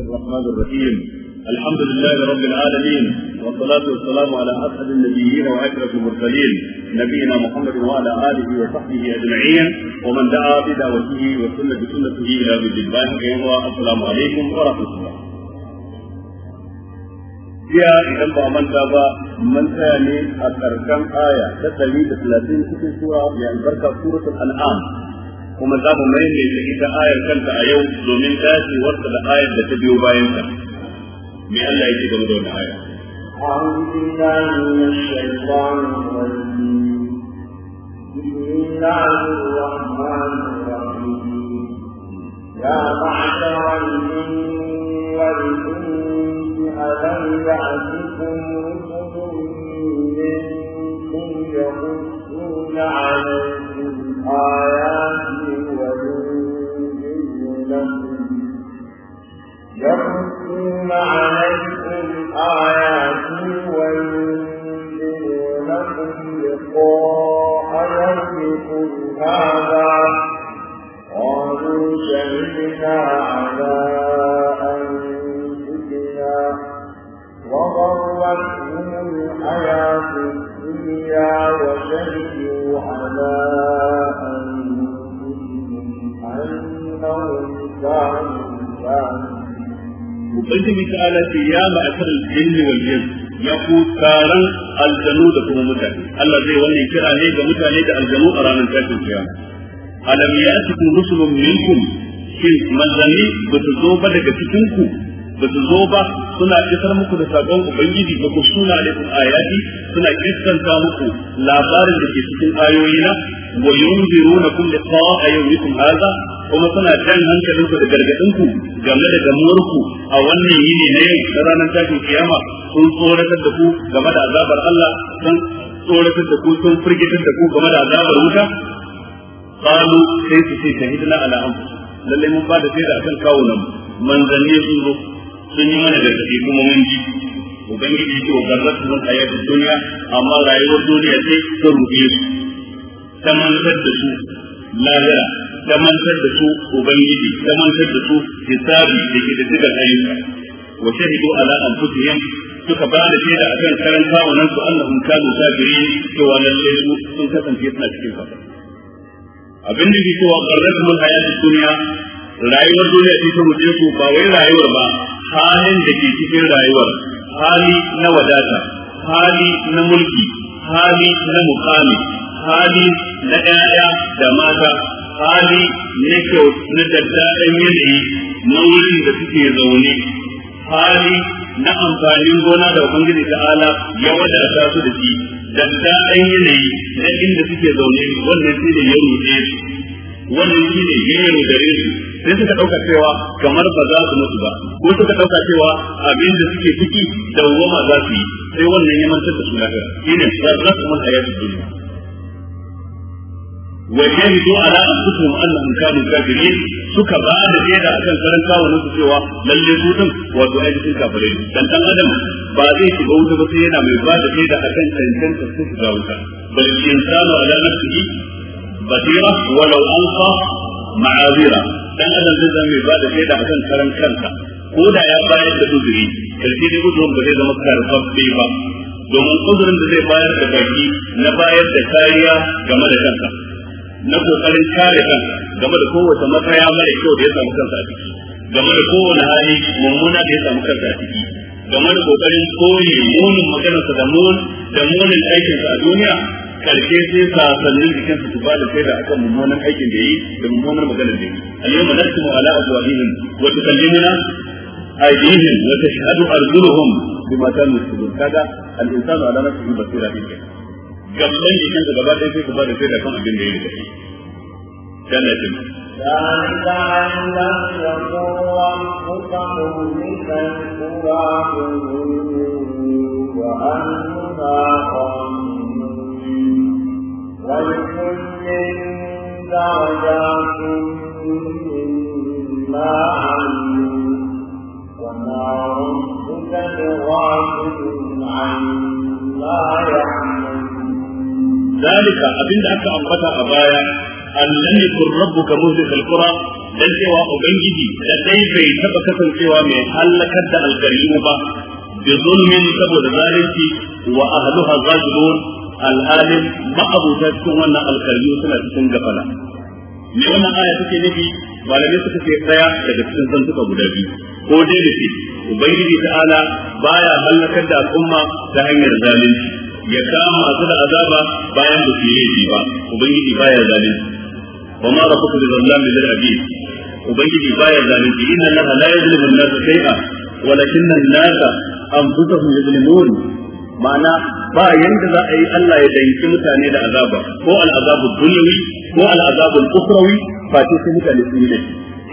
الله الرحمن الرحيم الحمد لله رب العالمين والصلاة والسلام على أسعد النبيين وأشرف المرسلين نبينا محمد وعلى آله وصحبه أجمعين ومن دعا بدعوته وسن بسنته إلى بيت الله السلام عليكم ورحمة الله jiya idan ba manta ba man tsaya ne a ƙarshen aya ta 130 cikin sura mai albarka suratul an'am kuma za mu maimaita ita ayar kanta a yau domin wata da ayar da ta biyo bayan ta me Allah yake game da wannan aya أعوذ بالله من الشيطان الرجيم بسم الله الرحمن الرحيم يا معشر الجن والإنس ألم يأتكم رسل منكم يقصون عليكم آيات يقصون عليكم آياتي وينذرونكم لقاء يومكم هذا قالوا شهدنا على أنفسنا وغرتهم الحياة الدنيا وشهدوا على أنفسهم أنهم كانوا كافرين ubangiji ta ala ce ya ma'asar jinni wal jin ya ku taron aljanu da kuma mutane Allah zai wannan kira ne ga mutane da aljanu a ranar tashin kiyama alam ya'tikum rusulun minkum shin manzanni ba su zo ba daga cikin ku ba su zo ba suna kisar muku da sakon ubangiji ba ku suna alaikum ayati suna kiskanta muku labarin da ke cikin ayoyina wa yunziruna kulli qa'a yawmikum hadha kuma suna jan hankalinku da gargadinku game da gamuwarku a wannan yini na yau na ranar tashin kiyama sun tsoratar da ku game da azabar Allah sun tsoratar da ku sun firgitar da ku game da azabar wuta kalu sai su ce shahidna ala anfusina lallai mun bada sai da akan kawo nan manzanni sun zo sun yi mana gargadi kuma mun ji ubangiji ya ce wa gargadi mun hayatin duniya amma rayuwar duniya sai ta rufe su ta manzar da su lahira ta mantar da su ubangiji ta da su hisabi da ke da dukkan ayyuka wa shahidu ala anfusihim suka ba da shaida akan karan kawunan su annahum kanu kafirin cewa lalle su sun kasance suna cikin kafa abin da ke cewa qarratul hayatid dunya rayuwar duniya ce ta muje ku ba wai rayuwar ba halin da ke cikin rayuwar hali na wadata hali na mulki hali na mukami hali na 'ya'ya da mata hali na kyau na daddaɗen yanayi na wurin da suke zaune hali na amfanin gona da ubangiji ala, ya wadata su da shi daddaɗen yanayi na inda suke zaune wannan shi ne ya rufe su wannan shi ne ya yi rudare su sai suka ɗauka cewa kamar ba za su mutu ba ko suka ɗauka cewa abin da suke ciki dawwama za su yi sai wannan ya mantar da su lafiya shi ne za su mun hayatu duniya وشهدوا على انفسهم انهم كانوا كافرين suka ba da shaida akan karan kawunan su lalle su din wato ai cikin kafirai adam ba zai shiga wuta ba sai yana mai ba da shaida akan cancanta su shiga wuta bal insanu ala nafsihi basira walau alqa ma'azira dan adam zai zama mai ba da shaida akan karan kansa ko ya bayar da ba zai zama ba domin uzurin da zai bayar da baki na bayar da kariya game da kansa na kokarin kare kan game da kowace matsaya mara kyau da ya samu kansa a ciki game da kowane hali mummuna da ya samu kansa a ciki game da kokarin koyi munin maganarsa da mun da munin aikinsa a duniya karshe sai sasannin jikinsa su ba da shaida akan mummunan aikin da ya yi da mummunan maganar da yi a al-yawma naktumu ala afwahihim wa tukallimuna aydihim wa tashhadu arjuluhum bima kanu yaktubun kaga al-insanu ala nafsihi basira ɗin gabban jikin jikinsa gaba ɗaya sai su ba da shaida kan abin da ya yi جنة ذلك أن لم يكن ربك مهلك القرى وأهلها قانون ولكل درجات مما عملوا وما ربك بغافل عما يعملون ذلك أبن أنت أنبت أبايا allan yakun rabbuka muhlika alqura dan cewa ubangiji da dai bai taba kasancewa mai halakar da alkarimu ba bi zulmin saboda zalunci wa ahluha zajilun al'alim ma'abuta cikin wannan alkarimu suna cikin gafala me wannan aya take nufi malamai suka ce daya daga cikin zantuka guda biyu ko dai da ce ubangiji ta'ala baya mallakar da al'umma ta hanyar zalunci ya kama masu da azaba bayan ba su yi ba ubangiji baya zalunci wa ma rabbuka bi zallamin lil abid ubangiji baya zalunci inna allaha la yuzlimu an-nas shay'a walakinna an-nas anfusahum ma'ana ba yanda za a yi Allah ya danki mutane da azaba ko al'azabu dunyawi ko al'azabu ukhrawi fa sai mutane sun yi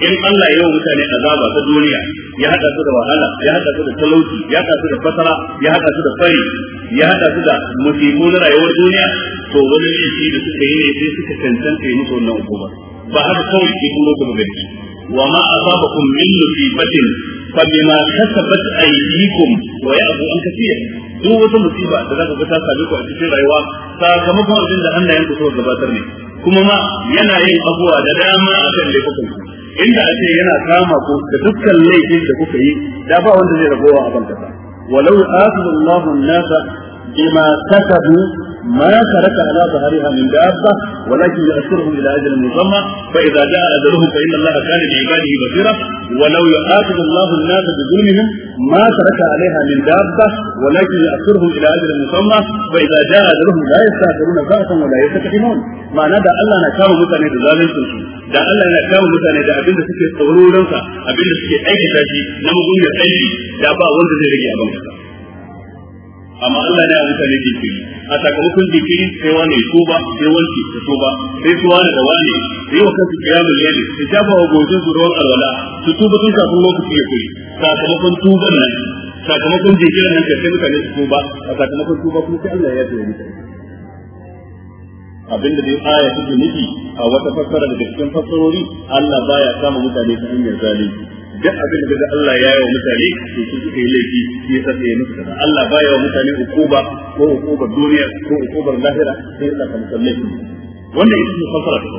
in Allah ya yi mutane azaba ta duniya ya hada su da wahala ya hada su da talauci ya hada su da fasara ya hada su da fari ya hada su da musibu na rayuwar duniya to wani laifi da suka yi ne sai suka cancanta yi musu wannan hukuma ba haka kawai ke kuma ku gani wa ma asabakum min musibatin fa bima kasabat aydikum wa ya'fu an kaseer duk wata musiba da zaka ga ta same ku a cikin rayuwa sakamakon abin da Allah ku so gabatar ne kuma ma yana yin abuwa da dama a akan laifukan ku inda a ce yana kama ku da dukkan laifin da kuka yi da ba wanda zai ragowa a ban kasa walau akhadha Allahu an-nasa bima kasabu ما ترك على ظهرها من دابة ولكن يأثرهم إلى أجل مسمى فإذا جاء أجلهم فإن الله كان بعباده بصيرا ولو يعاقب الله الناس بظلمهم ما ترك عليها من دابة ولكن يأثرهم إلى أجل مسمى فإذا جاء أجلهم لا يستأخرون ساعة ولا يستقدمون معنى da Allah na kama mutane da zaluncinsu da Allah na kama mutane da abin da suke tsoro ransa abin da suke aikata shi na mugunyar aiki da ba wanda zai rage a banka amma Allah ne a mutane jinkiri a sakamakon jinkiri sai wani ko ba sai wanki su so ba sai su wani da wani sai wa kansu kiyamul yadi su shafa wa gojin su ruwan alwala su tuba tun kafin lokaci ya kuri sakamakon tuban nan sakamakon jinkirin nan sai mutane su tuba a sakamakon tuba kuma sai Allah ya tsare mutane abinda dai aya take nufi a wata fassara daga cikin fassarori Allah baya kama mutane ta hanyar zalunci duk abin da ga Allah ya yi wa mutane to su suka yi laifi shi yasa sai ya musu kaza Allah ba ya wa mutane hukuma ko hukumar duniya ko hukumar lahira sai ya saka musu laifi wannan ita ce fasara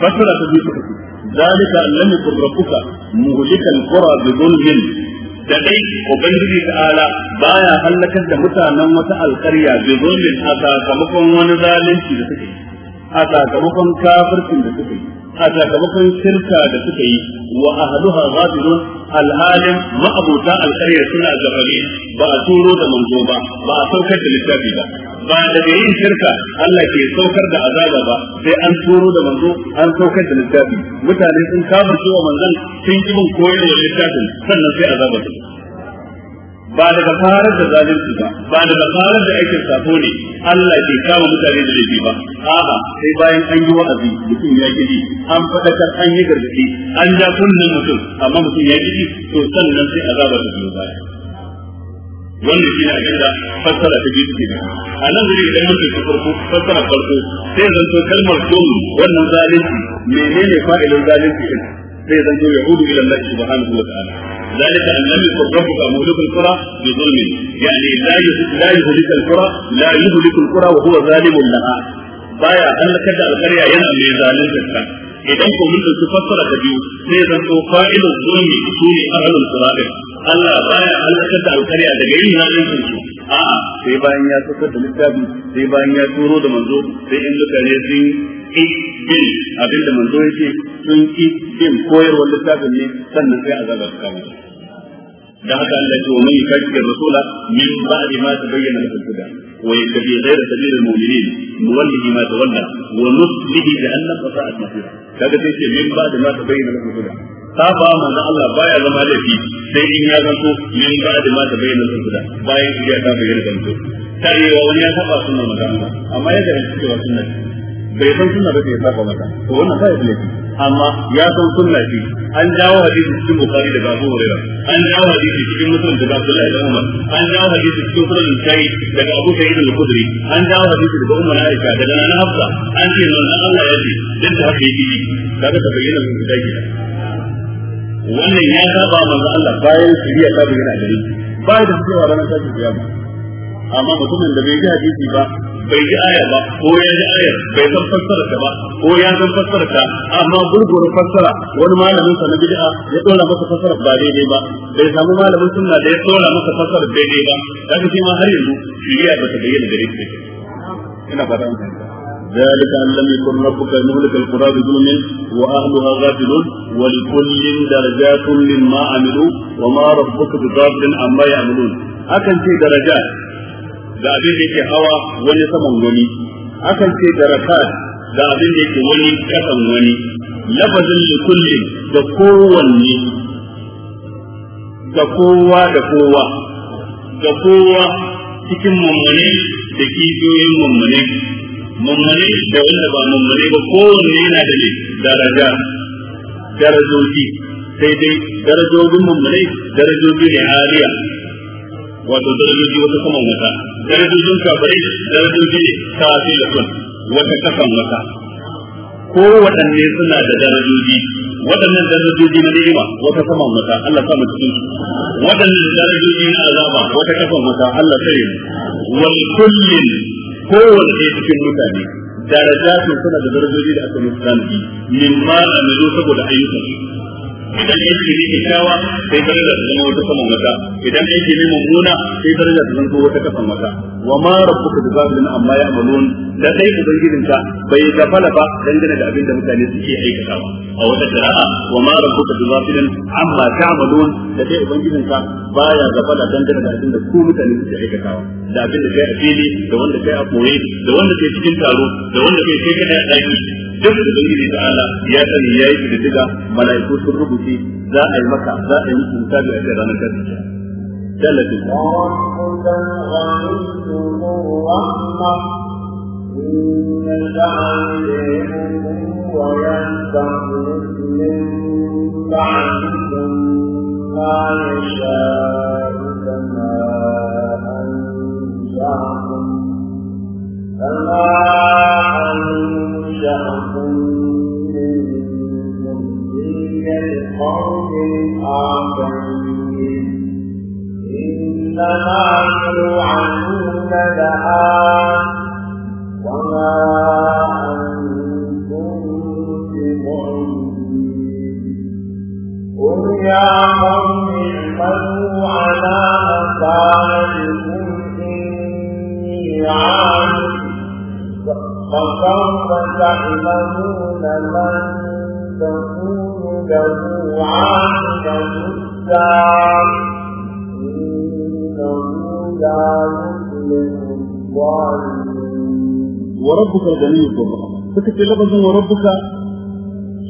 ta fasara ta biyu suka ce zalika annami qurrabuka muhlikal qura bi dhulmin da dai ubangiji ala, baya halakar da mutanen wata alƙarya bi dhulmin a sakamakon wani zalunci da suke yi a sakamakon kafircin da suka yi a sakamakon shirka da suka yi wa ahluha ghafilun alhalin ma'abuta alƙarya suna gabare ba a turo da manzo ba ba a saukar da littafi ba ba da yin shirka Allah ke saukar da azaba ba sai an turo da manzo an saukar da littafi mutane sun kafa wa manzon sun yi bin koyarwa littafin sannan sai azaba ta ba daga farar da zalunci ba ba daga farar da aikin safo ne Allah ke kama mutane da laifi ba a'a sai bayan an yi wa'azi mutum ya gidi an fadakar an yi gargadi an ja kunnen mutum amma mutum ya gidi to sannan sai azaba ta biyo baya wannan shi ne a da fassara ta biyu ne a nan zuri idan muke ta farko fassara farko sai zanto kalmar kullu wannan zalunci menene fa'ilin zalunci din sai zo yahudu ila Allah subhanahu wa ta'ala ذلك أن لم يكن ربك مهلك القرى بظلم يعني لا لا يهلك القرى لا يهلك القرى وهو ظالم لها بايا أن كذا القرية ينا من ظالم idan ko mun dauki fassara ta biyu sai zan to fa'ilul zulmi sune ahlul qur'an Allah baya halakar da alƙarya daga yin halin su a'a sai bayan ya tsaka da littafi sai bayan ya turo da manzo sai in mutane sun ki bin abinda manzo yake sun ki bin koyarwar littafin ne sannan sai azaba ta kama da haka Allah ce wa mai kafir rasula min ba'di ma tabayyana lahu al-huda wa yattabi ghayra sabil al-mu'minin nuwallihi ma tawalla wa nuslihi jahannam wa sa'at masira kaga sai ce min ba'di ma da lahu al-huda saba manzo Allah baya zama fi sai in ya zanto min ba'di ma tabayyana lahu al-huda bayan ya ta bayyana zanto ta yi wa wani ya saba sunna manzo Allah amma ya da cewa sunna bai san sunna ba sai ya saba mata to wannan ba ya laifi amma ya san sunna shi an jawo hadisi cikin bukhari da babu huraira an jawo hadisi cikin muslim daga abdullahi ibn umar an jawo hadisi cikin sunan kai daga abu sai al kudri an jawo hadisi daga ummu aisha daga nana hafsa an ce nan Allah ya ce din da haka yake kaga ta bayyana mun da ke wannan ya saba manzo Allah bayan shari'a ta bayyana gare shi bayan da cewa ranar tashin kiyama amma mutumin da bai ji hadisi ba bai ji aya ba ko ya ji aya bai san fassara ta ba ko ya san fassara ta amma gurgurin fassara wani malamin sa na bid'a ya dora masa fassara ba daidai ba bai samu malamin sunna da ya dora masa fassara daidai ba kaga shi ma har yanzu shiriya ba ta bayyana gare shi ina fata an ذلك أن لم يكن ربك مهلك القرى بظلم وأهلها غافلون ولكل درجات مما عملوا وما ربك بغافل عما يعملون أكن في درجات da abin da yake hawa wani saman wani akan ce rakat da abin da yake wani kasan wani lafazin da kullin da kowanne da kowa da kowa da kowa cikin mummune da kibiyoyin mummune mummune da wanda ba mummune ba kowanne yana da ne daraja darajoji sai dai darajojin mummune darajoji ne ariya wato darajoji wata saman wata darajojin kafirai darajoji ne kafiratun wata kasan wata ko waɗanne suna da darajoji waɗannan darajoji na ni'ima wata saman wata Allah sa mu cikin su waɗannan darajoji na azaba wata kasan wata Allah sai mu wal kullin kowanne ɗaya cikin mutane darajatun suna da darajoji da aka musu min ma amilu saboda ayyukan idan aiki ne kyakkyawa sai daraja ta zama wata saman wata idan aiki ne mummuna sai daraja ta zama wata kasan wata wa ma rabbuka bi ghafilin amma ya'malun da dai ubangijinka bai gafala ba dangane da abin da mutane suke aikatawa a wata qira'a wa ma rabbuka bi ghafilin amma ta'malun da dai ubangijinka baya gafala dangane da abin da ku mutane suke aikatawa da abin da kai a fili da wanda kai a koye da wanda kai cikin taro da wanda kai kai kada a daki duk da ubangiji ta'ala ya sani yayi da diga mala'iku sun kasance za a yi maka za a yi hisabi a ranar kasance dalilin ويستخلف من بعدكم ما يشاء كما أنشأكم كما أنشأكم من ذرية بقوم آخرين إنما توعدون لآت وما أنتم بمعجزين قل يا قوم اعملوا على مكانتكم إني عامل فسوف تعلمون من تكون وربك الغني والله فكتي لبس وربك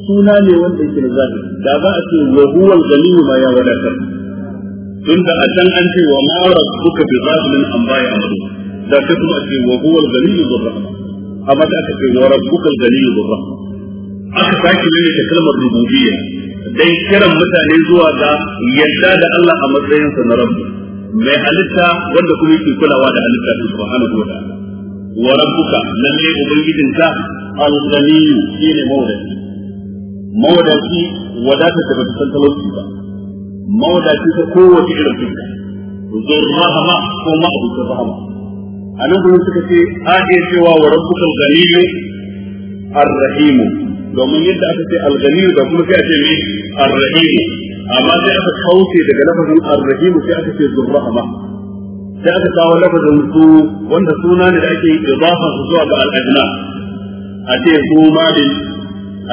سوناني وانت يسل ذاتي دابا وهو الغني ما يا ولاك عند أتن أنت وما ربك بغاب من أنباي أمره ذاكتم أتي وهو الغني والرحمة أما تأتي وربك الغني والرحمة aka sake lalle ta kalmar rububiyya Dan kiran mutane zuwa ga yadda da Allah a matsayin sa na rabbu mai halitta wanda kuma yake kulawa da halitta din subhanahu wa ta'ala wa rabbuka lalle ubangijinka al-ghani shine mawdaci mawdaci wadata da bata san talauci ba mawdaci ta kowace irin fuska zur rahama ko ma ma'abudur rahama a nan gurin suka ce a iya cewa wa rabbuka al-ghani ar-rahimu domin yadda aka ce al-ghani da kuma sai a ce ni ar-rahim amma sai aka kauce daga lafazin ar-rahim sai aka ce zurrahma sai aka kawo lafazin su wanda suna ne da ake idafa su zuwa ga al-ajna a ce su malin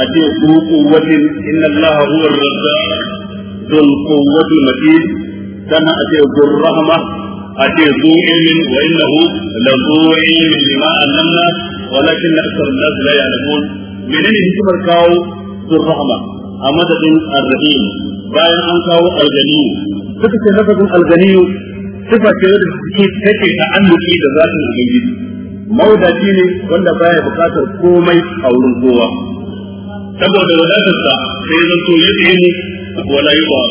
a ce su quwwatin inna allaha huwa ar-razzaq dhul quwwati matin kana a ce zurrahma a ce zu ilmin wa innahu la zu ilmin lima annana ولكن أكثر الناس لا يعلمون menene hikimar kawo durrahma a madadin arrahim bayan an kawo alganiyu suka ce lafazin alganiyu sifa ce da suke take ta annuki da zatin ubangiji maudaci ne wanda baya bukatar komai a wurin kowa saboda wadatarsa sai zan ya tsaye wala yi ba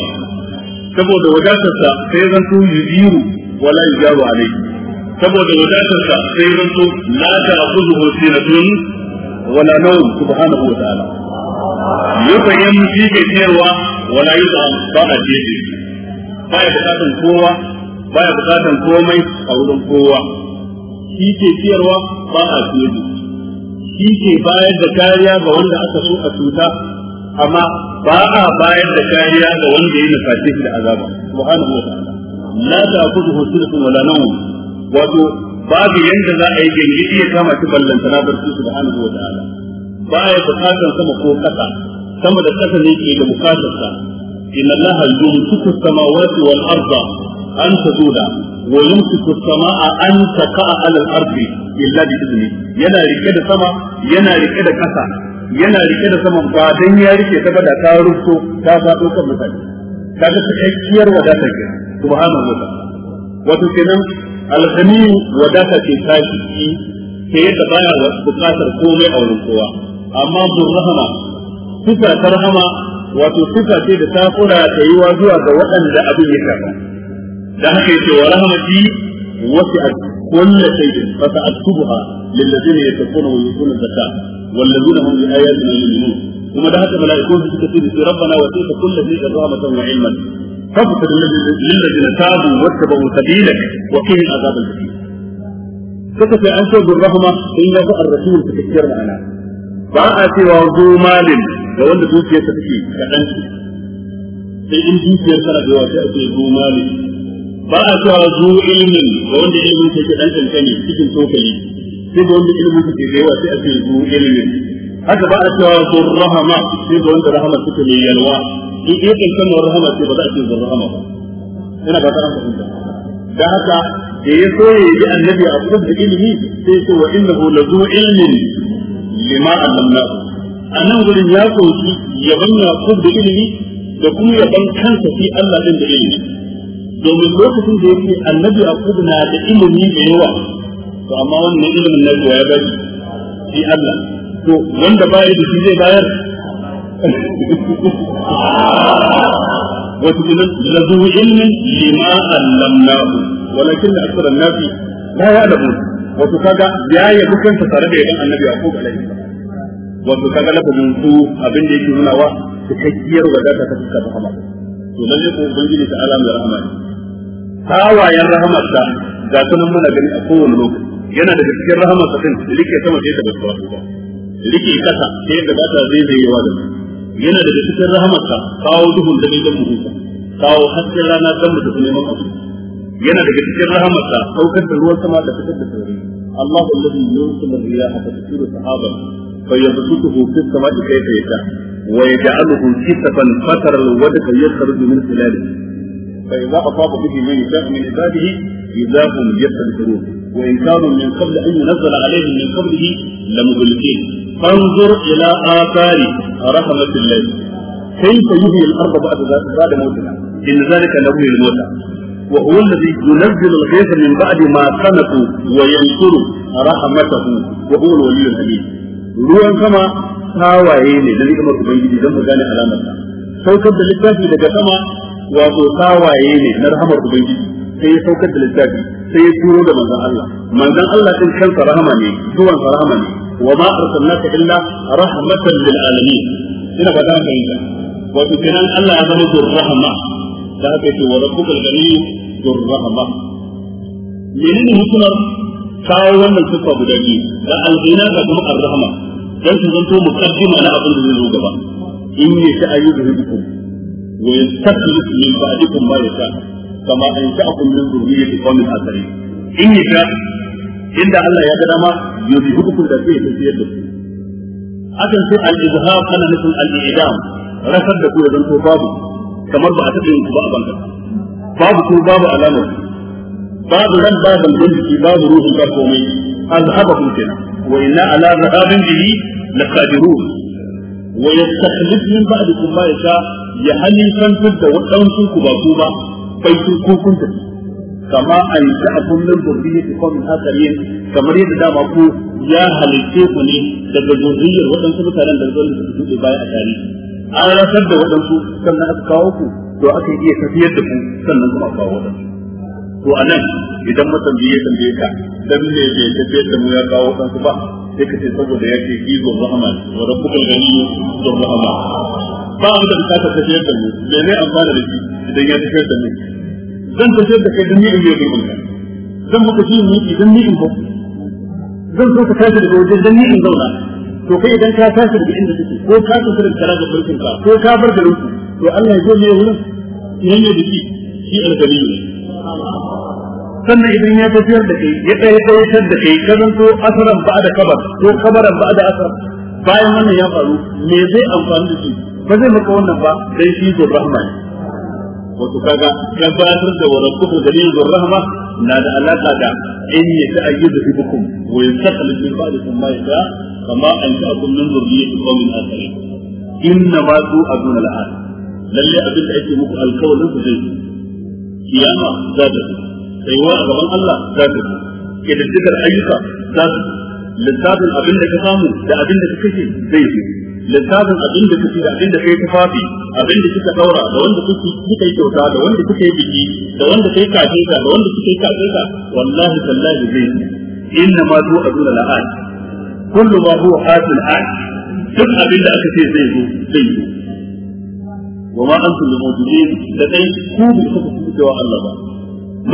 saboda wadatarsa sai zan to yuziru wala yujabu alai saboda wadatarsa sai zan to la na tuni. wala nawm subhanahu wa ta'ala yufayin shi ke cewa wala yuzam ba a jeje baya bukatan kowa baya bukatan komai a wurin kowa shi ke ciyarwa ba a shi ke bayar da kariya ga wanda aka so a cuta amma ba bayar da kariya ga wanda ya da wala wato babu yanda za a yi gani ya kama shi ballanta na bar su da hannu wa ta'ala ba ya bukatar sama ko kasa sama da kasa ne ke da bukatar sa inna allaha yumsiku samawati wal arda an tazuda wa yumsiku samaa an taqa'a ala al ardi illa bi izni yana rike da sama yana rike da kasa yana rike da sama ba dan ya rike ta da ta rufto ta fado kan mutane kaga cikakkiyar wadatar ke subhanahu wa ta'ala wato kenan alghani wadata ce ta shi ke yadda baya bukatar komai a wurin kowa amma burrahama sifa ta rahama wato sifa ce da ta kura ta yi wa zuwa ga waɗanda abin ya shafa da haka yake wa rahamati wasi a kullu shay'in fa ta'tubuha lil ladina yattaquna wa yu'tuna zakat wal ladina hum bi ayatina yu'minun kuma da haka mala'iku suka ce rabbana wa ta'ala kullu shay'in rahmatan wa ilman فاغفر للذين تابوا واتبعوا سبيلك وقهم عذاب الجحيم suka sai an so bin rahama in ya ga rasul suka kiyar ma'ana ba a cewa zo malin da wanda dukiyar ta take kaɗan ce sai in dukiyar tana da yawa sai a ba a cewa da wanda ilmin ke cikin sai da wanda ke da sai a ce zo ilimin. haka ba a cewa zo rahama sai da wanda rahama suka mai yalwa in ya kankan wa rahama ce ba za a ce zan rahama ba ina ba ta an da haka da ya so ya yi annabi a kudu da ilimi sai ce wa innahu lazu ilmin lima allamnahu a nan gurin ya koki yaban na kudu da ilimi da kuma yaban kansa fi Allah din da ilimi domin lokacin da yake annabi a kudu na da ilimi da yawa to amma wannan ilimin na ya bari fi Allah to wanda ba da shi zai bayar wato kenan lazu ilmin lima allamnahu walakin da aksara nafi la ya'lamu wato kaga ya yabi kansa tare da yaban annabi yaqub alaihi wato kaga lafazin su abin da yake nuna wa cikakkiyar wadata ta fuska ta hama to lalle ko ubangiji ta alamu rahama ne hawayen rahamarsa ga sunan muna gani a kowane lokaci yana da cikin rahamarsa din rike sama sai da ba rike kasa sai da ba ta zaizayewa da su yana daga cikin rahamarsa kawo duhun da dan mu huta kawo hasken rana dan mu tafi neman abu yana daga cikin rahamarsa saukar da ruwan sama da fitar da sauri Allahu alladhi yursilu riyaha tasfiru kai فيبسطه في السماء كيف يشاء ويجعله كسفا فترى الودك يخرج من خلاله فإذا أصاب به من يشاء من عباده إذا هم يستبشرون وإن كانوا من قبل أن ينزل عليهم من قبله لمهلكين انظر الى اثار رحمه الله كيف يحيي الارض بعد بعد موتها ان ذلك لمحيي الموتى وهو الذي ينزل الغيث من بعد ما قنطوا وينصر رحمته وهو الولي الحميد ruwan sama tawaye ne da bai ubangiji don mu gane alamar saukar da littafi daga sama wato tawaye ne na rahamar ubangiji sai ya saukar da littafi sai ya turo da manzon Allah manzon Allah din kansa rahama ne zuwan rahama ne وما أرسلناك إلا رحمة للعالمين إن قد أنت إنت وفي ألا يزال ذو الرحمة ذهب في وربك الغني ذو الرحمة لأنه هكنا كاوان من سفر بدأي لا الغناء لكم الرحمة لن تظنتم مقدمة على أبن الزوجة إني سأيده بكم ويستخلص من بعدكم ما يشاء كما أنشأكم من ذرية قوم آخرين إني سأيده inda Allah ya ga dama yuzi hukum da sai tafi yadda su akan sai al-izhab ana nufin al-idam rasar da ku ya zanto babu kamar ba a taɓa yin ba a banka babu ko babu alama babu ran babu jiki babu ruhu ba komai kun kenan wa inna ala zahabin bihi laqadirun wa yastakhlif min ba'dikum ma yasha ya halin san da wadansu ku ba ku ba bai ku kun tafi kama aita'akum min dhurriyyati qawmin akharin kamar yadda dama ku ya halitte ku ne daga zurriyar waɗansu mutanen da zuwa su ke baya a tarihi an rasar da waɗansu sannan aka kawo aka iya tafiyar da ku sannan kuma kawo waɗansu to a nan idan matambi ya tambaye ka dan me ke tafiyar da mu ya kawo ba sai ka saboda ya ce izo rahman wa rabbul gani zo rahman ba mu da bukatar tafiyar da mu me ne amfana da shi idan ya tafiyar da zan tafiyar da kai don ni in yi girman ka zan maka ji ni idan ni in ko zan so ka tashi daga wajen don ni in zauna to kai idan ka tashi daga inda kake ko ka tafi da kara da barkin ka ko ka bar da ruku to Allah ya zo ne wurin idan ya biki shi alkali ne sannan idan ya tafiyar da kai ya tsaye tsayatar da kai ka to asaran ba da kabar ko kabaran ba da asar bayan wannan ya faru me zai amfani da shi ba zai maka wannan ba dai shi zo rahmani wato kaga gabatar da wa rabbukum dalilur rahma na da alaka da in ya ta'ayyidu bikum wa yastakhlif min ba'dikum ma yasha kama an ta'kum min dhurriyyati qawmin akharin inna ma tu'aduna al'an lalle abin da ake muku alkawarin ku zai kiyama za ta tsayuwa a gaban Allah za ta kididdikar ayyuka za ta lissafin abin da ka samu da abin da ka kashe zai yi littafin abin da kuke abin da kai tufafi abin da kika daura da wanda kuke kika kyauta da wanda kuka yi biki da wanda kai kafe ka da wanda kuka yi kafe ka wallahi tallahi zai inna ma tu azuna la'at kullu ma huwa hasil a'at duk abin da aka ce zai zo zai zo wa ma antum bi mujibin da dai ku bi kuka kuka wa Allah ba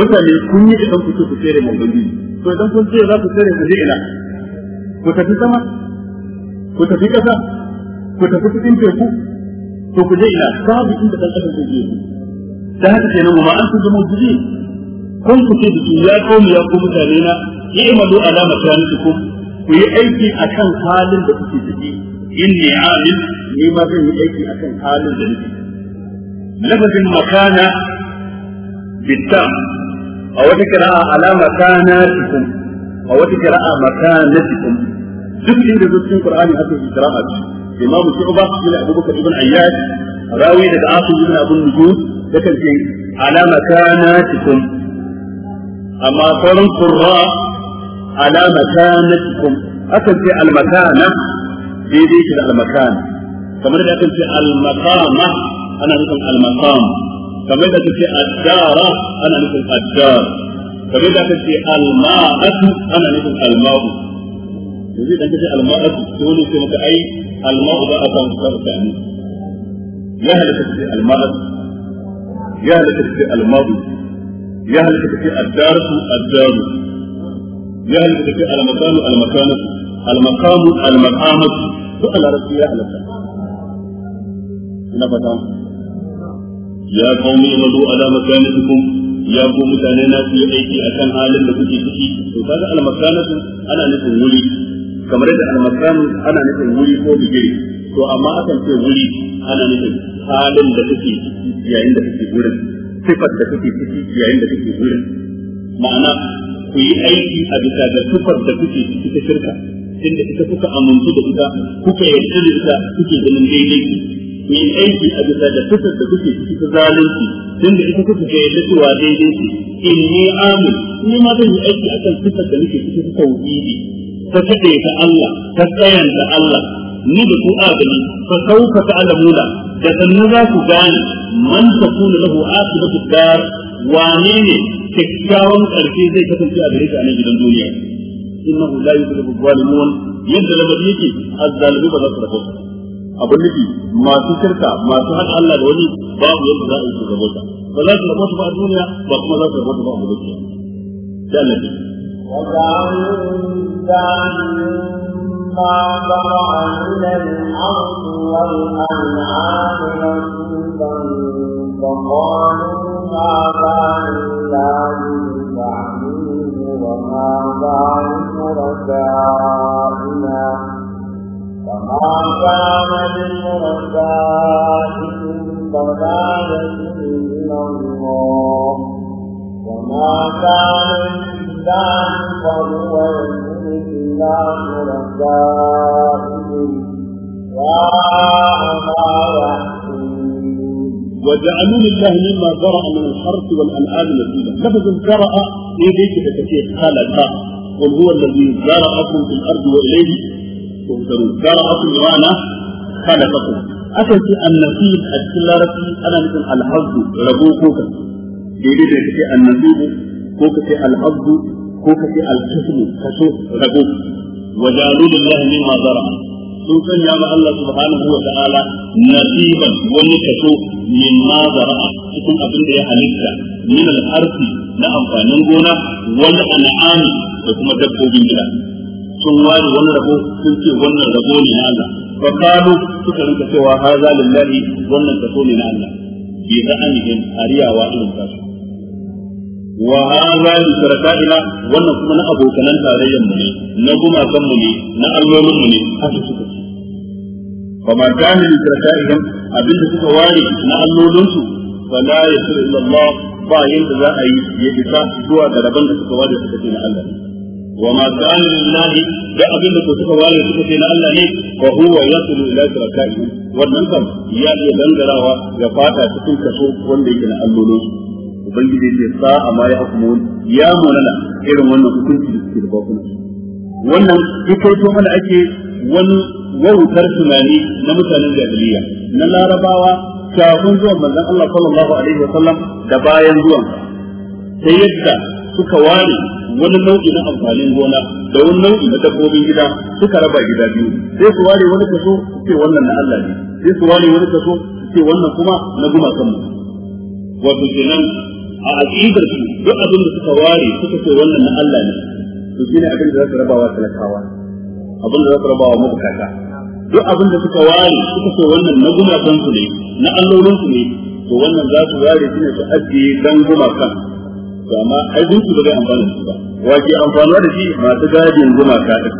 mutane kun yi idan kuka ku tsere mun gani to idan kun ce za ku tsere ku je ina ku tafi sama ku tafi kasa ku tafi cikin teku to ku je ina babu inda dan adam zai je da haka kenan ma an kuma mujibi kun ku ce dake ya kawo ya ku mutane na yi imadu alama tanitukum ku yi aiki akan halin da kuke ciki inni amil ni ma zan yi aiki akan halin da nake lafazin makana bitta a wata kira'a alama tanatukum a wata kira'a makanatikum duk inda zuciyar Qur'ani aka yi kira'a الإمام الشعبة من أبو بكر بن عياش راوي إذا عاصم بن أبو النجود ذكر في على مكانتكم أما قول القراء على مكانتكم أكل في المكانة في ذيك المكان فمن إذا أكل في المقامة أنا أقول المقام فمن إذا أكل في الدار أنا أقول الدار فمن إذا أكل في الماء أنا أقول الماء da zai danka sai alma'u sai wani sai maka ai alma'u ba a samu sabu ta ne ya halaka sai alma'u ya halaka sai alma'u ya halaka sai addaru addaru ya halaka sai almakanu almakanu almakamu almakamu to a larabci ya halaka ina fata ya kaumi madu ala makanatikum ya ko mutane na su yi aiki a kan halin da kuke ciki to kaga almakanatu ana nufin wuri kamar da almakan ana nufin wuri ko bigire to amma akan ce wuri ana nufin halin da kake yayin da kake wurin sifar da kake ciki yayin da kake wurin ma'ana ku yi aiki a bisa ga sifar da kuke ciki ta shirka inda ita kuka amintu da ita kuka yarda da ita kuke ganin daidai ku yi aiki a bisa da sifar da kuke ciki ta zalunci inda ita kuka ga yarda cewa daidai ce in ni amin ni ma zan yi aiki akan sifar da nake ciki ta tauhidi ta kaɗe ta Allah ta tsayan ta Allah ni da ku agani ka sauka ta alamuna da sannu za ku gane man ta kuna lahu akibatu dar wane ne kyakkyawan ƙarfi zai kasance a gare ka a nan gidan duniya innahu la yuflihu zalimun yadda lamari yake azzalimi ba za su rabu abin nufi masu kirka masu haɗa Allah da wani babu yadda za a yi su rabota ba za su rabota ba a duniya ba kuma za su rabota ba a mulkiya. Jalladi. لله مما ضرع من الأرض والأنعام نصيبا فقال والحرث والأنعام نزيلا لفظ زرع إليك بكثير خلق قل هو الذي زرعكم في الأرض وإليه تنظرون زرعكم بمعنى خلقكم أكن في النسيب التلارة أنا مثل الحظ ربو كوكا daidai da kace annasibu ko kace al'abdu ko kace al-kasbu kaso rabo wa jalulillahi mimma zara'a sun sanya ma Allah subhanahu wa ta'ala nasiban wani kaso min ma zara'a cikin abin da ya halitta min al-arfi na amfanin gona wani an'ami da kuma dabbobin gida sun ware wani rabo sun ce wannan rabo ne na Allah fa qalu suka rinka cewa haza lillahi wannan kaso ne na Allah bi za'anihim ariyawa irin kasu wa hadha li sharakaina wannan kuma na abokanan tarayyan mu ne na gumakan mu ne na allolin mu ne haka suka ce fa ma kana li sharakaihim abinda suka ware na allolin su fa la yasir illa Allah ba yanda za a yi ya isa zuwa ga rabon da suka ware suka ce na Allah wa ma kana lillahi da abinda ko suka ware suka ce na Allah ne fa huwa yasil ila sharakaihim wannan kam ya iya dangarawa ya fata cikin kaso wanda yake na allolin su ubangiji ce sa amma ya hukumun ya munana irin wannan hukunci da suke da bakuna wannan dukkan mana ake wani wautar tunani na mutanen jahiliya na larabawa kafin zuwan manzon Allah sallallahu alaihi wasallam da bayan zuwan Ta yadda suka ware wani nau'i na amfanin gona da wani nau'i na dabbobin gida suka raba gida biyu sai su ware wani kaso sai wannan na Allah ne sai su ware wani kaso sai wannan kuma na gumakan mu wato kenan a aqidar su duk abin da suka ware suka ce wannan na Allah ne to shine abin da za su rabawa talakawa abin da za su rabawa mabukata duk abin da suka ware suka ce wannan na gumakan su ne na allolin su ne to wannan za su ware shine su ajiye dan gumakan to amma ai duk su ba zai amfana su ba wace amfana da shi masu gadin gumaka din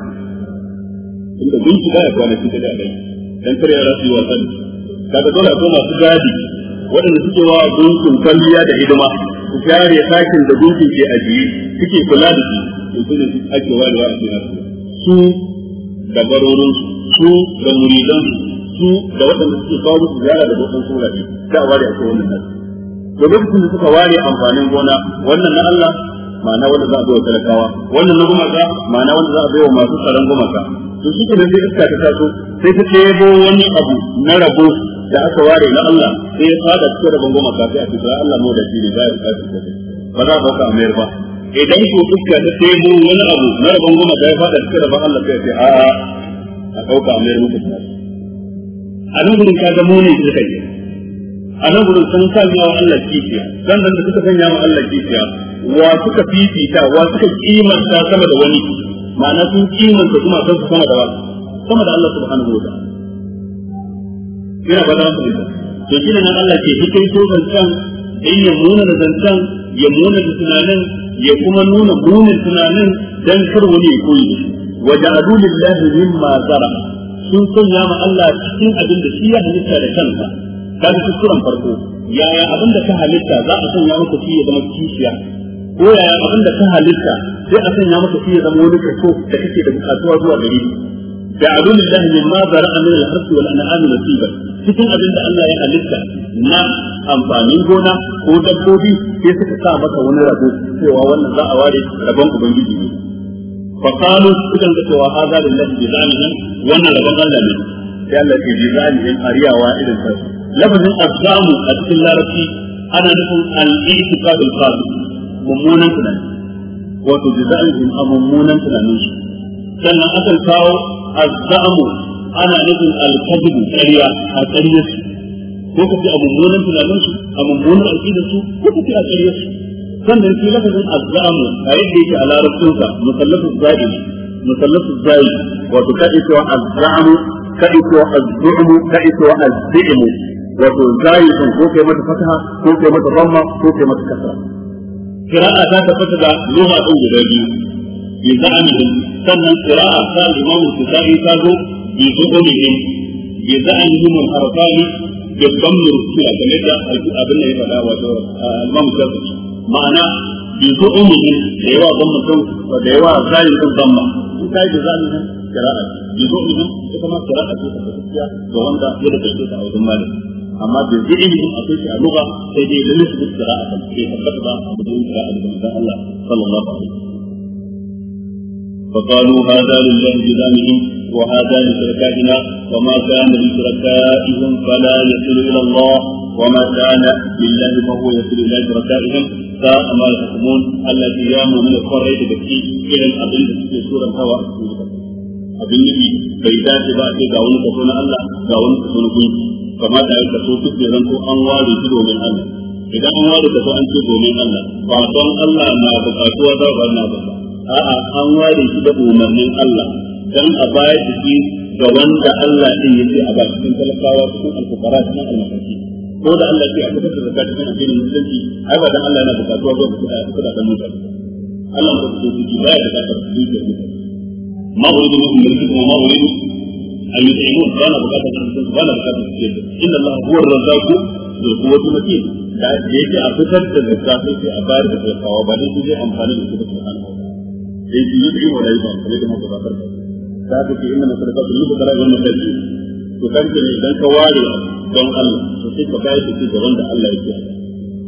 inda gunki ba ya kwana shi da gadai dan kare yara su yi wasan kaga dole ko masu gadi waɗanda suke wa gunkin kwalliya da hidima su kare sakin da gunkin ke ajiye suke kula da su su ne ake wa da ake nasu su da barorin su da muridan su da waɗanda suke kawo musu ziyara da gunkin sura da da ware a wannan nan to lokacin da suka ware amfanin gona wannan na Allah ma'ana wanda za a bai wa talakawa wannan na gumaka ma'ana wanda za a bai wa masu tsaron gumaka to shi ne sai iska ta taso sai ta tebo wani abu na rabo da aka ware na Allah sai ya fada cikin rabon goma kafi a cikin Allah mu da shi ne ba ya kafi ba za a bauka a mayar ba idan ko fuska ta tebo wani abu na rabon goma da ya fada cikin rabon Allah sai ya ce a a ɗauka a mayar muku ta a nan gudun ka ga mone shi kai a nan gudun sun sanya wa Allah kifiya san da suka sanya wa Allah kifiya wa suka fifita wa suka kimanta sama da wani ma'ana sun kimanta kuma kan su sama da wani sama da Allah subhanahu wa ta'ala ina ba da su to shi nan Allah ke hikin ko zancan in ya nuna da zancan ya nuna da tunanin ya kuma nuna munin tunanin dan kar wani ya koyi wa ja'alu lillahi mimma zara sun sanya ma Allah cikin abin da shi ya halitta da kansa kaga kuskuren farko yaya abin da ka halitta za a sanya maka shi ya zama kishiya ko yaya abin da ka halitta sai a sanya maka shi ya zama wani kaso da kake da bukatuwa zuwa gare shi ja'alu lillahi ma zara'a min al-harsi wal an'ami nasiban cikin abin da Allah ya halitta na amfanin gona ko dabbobi sai suka sa maka wani rabo cewa wannan za a ware rabon ubangiji ne fa qalu sukan da cewa hadha lillahi bi zalimin wannan rabon Allah ne sai Allah ke bi zalimin ariyawa irin sa lafazin azamu a cikin larabci ana nufin al-i'tiqadul qadim mummunan tunani wato bi zalimin a mummunan tunanin su sannan akan kawo azamu ana nufin alkazib ƙarya a ƙaryar su ko kace a mummunan tunanin su a mummunan aqidar su ko kace a ƙaryar su sannan shi lafazin azzamu a yadda yake a larabcin sa musallafu zai musallafu zai wato ka ito azzamu ka ito azzumu ka ito azzimu wato zai sun ko kai mata fataha ko kai mata ramma ko kai mata kasra kira'a ta tabbata da lugha ɗin guda biyu bi za'amihim sannan kira'a ta limamu su ta zo bi ko ko ne bi za an yi mun arfani da bamnur kuwa game da abin da ya faɗa wato al-imam ma'ana bi ko ko da yawa bamnur kuwa da yawa zai yi bamma in ka yi za mun kira'a bi ko ne ko kuma kira'a ce ta gaskiya ga wanda ya da take ta wajen mali amma da zai yi a kai a lugha sai dai da nufin kira'a ta ce ta ba a gudun kira'a da Allah sallallahu alaihi فقالوا هذا لله بزعمهم وهذا لشركائنا وما كان لشركائهم فلا يصل الى الله وما كان لله فهو يصل الى شركائهم ساء ما يحكمون التي ياموا من القرية تبكي الى الابن في سوره هوى abin nufi bai dace ba a ce ga wani kaso na Allah ga wani kaso na gunki kamata ya kaso duk da ranko an ware shi domin Allah idan an ware kaso an ce domin Allah ba don Allah na bukatuwa za ba na ba a'a an ware shi da umarnin Allah dan a bayar da shi ga wanda Allah din yake a ba cikin talakawa cikin alfukara cikin almakaci ko da Allah ya aka fitar da cikin addinin musulunci ai ba dan Allah yana bukatuwa ba ku da kuda Allah ba ku ci ba da zakka cikin mutane ma uridu min mulki kuma ma uridu an yi tsayin ba na bukatar cikin ba na bukatar cikin inna Allah huwa ar-razzaqu dhul quwwati matin da yake a fitar da zakka sai a bayar da zakka ba dai amfani da dai yi yi wala yi ba sai da haka zakar ta ta ce na inna sadaqatu lil fuqara wal masakin to kan ne idan ka ware don Allah su ce ka bayar su ce ga wanda Allah ya ce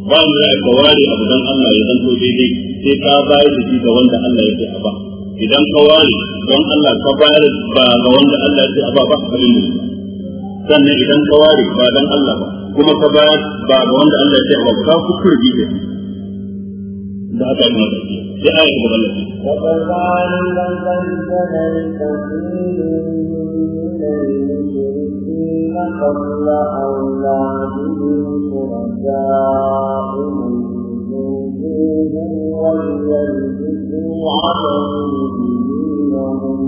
ba mu da ka ware abu don Allah ya zanto daidai sai ka bayar da shi ga wanda Allah ya ce ba idan ka ware don Allah ka bayar ba ga wanda Allah ya ce ba ba abin ne sannan idan ka ware ba don Allah ba kuma ka bayar ba ga wanda Allah ya ce ba ka kuskure ne da aka yi mata sai aya ta gaban lafi قبل أولادهم شركاء يؤذيهم وليلبسوا عليهم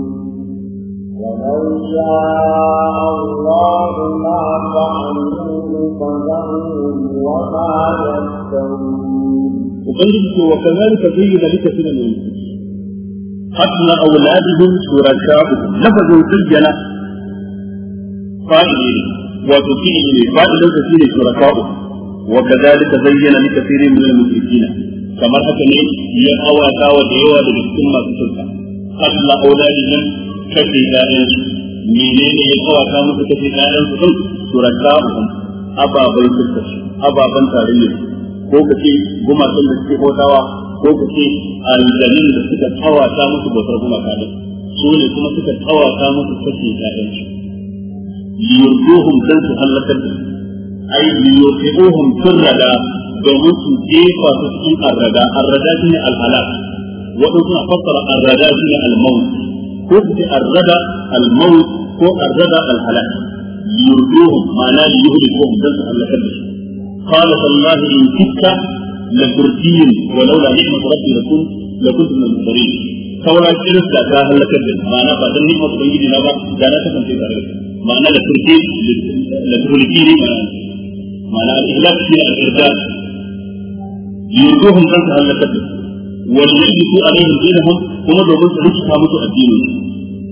ولو شاء الله ما فعلوه فذرهم وما يفترون ubangiji ce wa kazalika zayyana likasina min qatla awladihim shuraka'uhum lafazu zayyana fa'ili wato fi'ili fa'ilun sa shine shuraka'uhum wa kazalika zayyana likasirin min al-mushrikin kamar haka ne ya awata wa da yawa daga cikin masu shirka qatla awladihim kafi da'in menene ya kawata musu kafi da'in su shuraka ababan shirka ababan tarayyar ko ka ce gumakan da suke bautawa ko ka ce aljanin da suka tsawata musu bautar gumaka din su ne kuma suka tsawata musu kashe ƴaƴan su liyurduhum dan su halakar da ai liyurduhum sirrada domin su jefa su cikin arrada arrada shine alhalak waɗansu na fassara arrada shine almaut ko su ce arrada almaut ko arrada alhalak liyurduhum ma'ana liyurduhum dan su halakar da su قال الله ان كدت لكرتين ولولا نعمه ربي لكنت لكنت من المصرين فولا كرتا جاء هلك الدين معنى بعد النعمه تبين لنا بعد جاء نفسك في ذلك معنى لكرتين لكرتين معنى معنى الاخلاق في الارجاء يرجوهم كنت هلك الدين وليجلسوا عليهم دينهم ثم ضربوا تلك كامته الدين